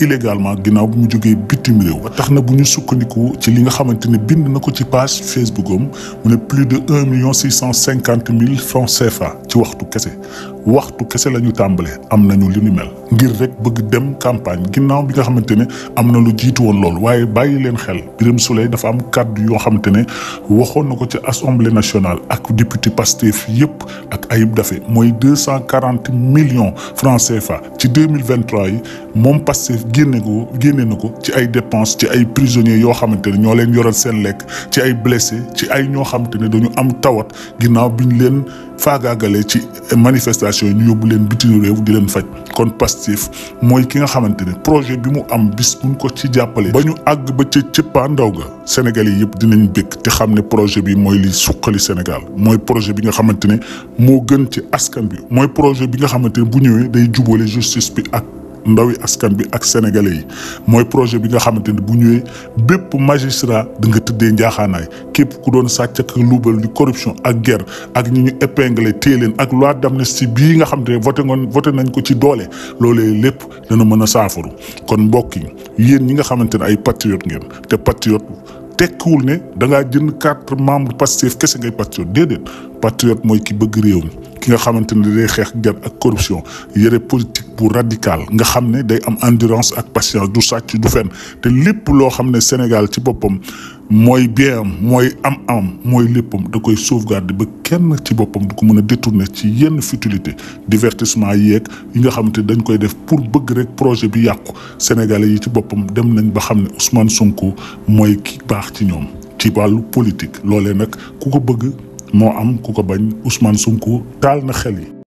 illégalement ginnaaw bu mu jógee bitim réew. ba tax na bu ñu sukkandiku ci li nga xamante bind nako ci page Facebook am mu ne plus de 1 million six cent francs CFA ci waxtu kessé waxtu kessé lañu tambalé tàmbalee. am nañu li ni mel ngir rek bëgg dem campagne ginnaaw bi nga xamante ne am na lu jiitu woon loolu waaye bàyyi leen xel Birame Souleye dafa am kàddu yoo xamante waxon nako ci assemblée nationale ak député Pastef yépp ak Ayib dafé moy 240 millions francs CFA ci 2023 mille yi moom Pastef génne ko ko ci ay dépenses ci ay prisonniers yo xamante ne ñoo leen yoral seen lekk ci ay blessés ci ay ño xamante dañu am tawat ginnaaw bi leen faagaagalee ci manifestation ñu yóbbu leen bitim réew di leen fajj kon passif moy ki nga xamante projet bi mu am bis buñ ko ci jappalé bañu ñu ba ci ci ndaw ga Sénégal yi dinañ bëgg té xamné projet bi moy li sukkali Sénégal moy projet bi nga xamante mo gën ci askan bi moy projet bi nga xamante bu ñëwé day jubolé justice bi ak. ndaw yi askan bi ak sénégalais yi mooy projet bi nga xamante ni bu ñëwee bépp magistrat da nga tëddee njaaxaanaay képp ku doon sàcc ak luubal di corruption ak guerre ak ñi ñu épinglé téye leen ak loi d'amnistie bii nga xamante ne voté ngoon voté nañ ko ci doole loolee lépp dana mën a saafaru kon mbokk yi yéen ñi nga xamante ne ay patriote ngeen te patriote tekkiwul ne da ngaa jënd quatre membres Pastef kese ngay patriote déedéet patriote moy ki bëgg réewam ki nga xamanteni ne day xeex guerre ak corruption yéré politique bu radical nga xamné ne day am endurance ak patience du sàcc du fen té lépp lo xamné Sénégal ci boppam moy bien moy am am moy léppam da koy sauvegarder ba kenn ci boppam du ko mëna a détourner ci yenn futilité divertissement yeeg yi nga xamanté dañ koy def pour bëgg rek projet bi yàqu Sénégalais yi ci boppam dem nañ ba xamné Ousmane Sonko moy ki baax ci ñom ci wàllu politique lolé nak ku ko bëgg moo am ku ko bañ Ousmane Sonko taal na xel yi.